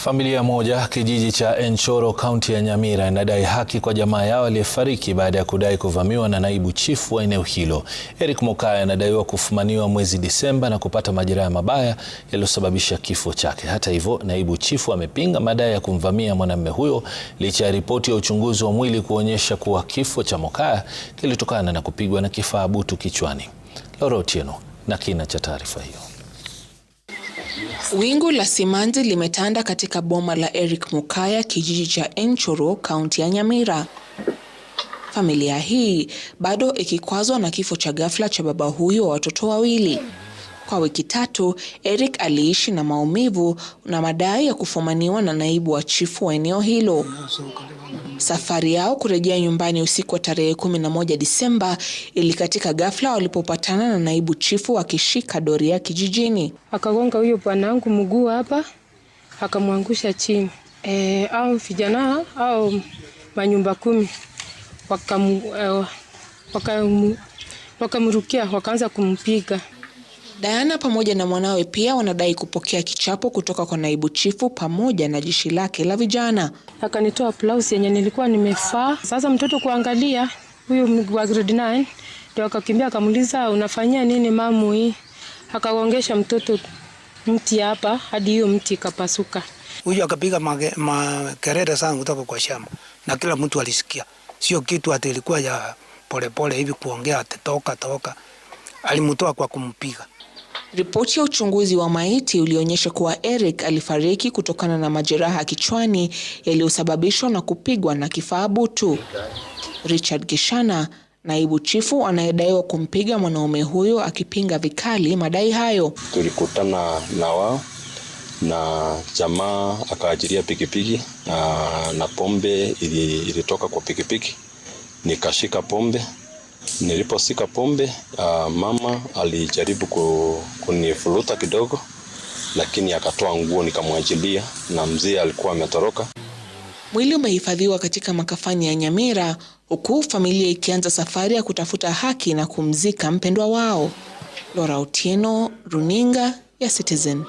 Familia moja kijiji cha Enchoro kaunti ya Nyamira inadai haki kwa jamaa yao aliyefariki baada ya kudai kuvamiwa na naibu chifu wa eneo hilo. Eric Mokaya anadaiwa kufumaniwa mwezi Disemba na kupata majeraha mabaya yaliyosababisha kifo chake. Hata hivyo, naibu chifu amepinga madai ya kumvamia mwanamume huyo licha ya ripoti ya uchunguzi wa mwili kuonyesha kuwa kifo cha Mokaya kilitokana na kupigwa na kifaa butu kichwani. Loro Otieno na kina cha taarifa hiyo. Wingu la simanzi limetanda katika boma la Eric Mukaya, kijiji cha Enchoro, kaunti ya Nyamira. Familia hii bado ikikwazwa na kifo cha ghafla cha baba huyo wa watoto wawili. Kwa wiki tatu, Eric aliishi na maumivu na madai ya kufumaniwa na naibu wa chifu wa eneo hilo. Safari yao kurejea nyumbani usiku wa tarehe 11 Disemba ilikatika ghafla walipopatana na naibu chifu akishika doria kijijini. Akagonga huyo bwanangu mguu hapa, akamwangusha chini. E, au vijana au manyumba kumi wakamrukia, e, waka wakaanza kumpiga. Diana pamoja na mwanawe pia wanadai kupokea kichapo kutoka kwa naibu chifu pamoja na jeshi lake la vijana. Akanitoa blouse yenye nilikuwa nimefaa. Sasa mtoto kuangalia huyu wa grade 9 ndio akakimbia akamuliza, unafanyia nini mamu hii? Akaongesha mtoto mti hapa hadi hiyo mti ikapasuka. Huyu akapiga makerere sana kutoka kwa shamba na kila mtu alisikia. Sio kitu atilikuwa ya polepole hivi kuongea atetoka toka. Alimtoa kwa kumpiga. Ripoti ya uchunguzi wa maiti ulionyesha kuwa Eric alifariki kutokana na majeraha kichwani yaliyosababishwa na kupigwa na kifaa butu. Richard Gishana, naibu chifu anayedaiwa kumpiga mwanaume huyo, akipinga vikali madai hayo. Tulikutana na wao na jamaa akaajiria pikipiki na, na pombe ilitoka kwa pikipiki nikashika pombe niliposika pombe uh, mama alijaribu kunifuruta kidogo, lakini akatoa nguo nikamwachilia, na mzee alikuwa ametoroka. Mwili umehifadhiwa katika makafani ya Nyamira, huku familia ikianza safari ya kutafuta haki na kumzika mpendwa wao. Lora Otieno, runinga ya Citizen.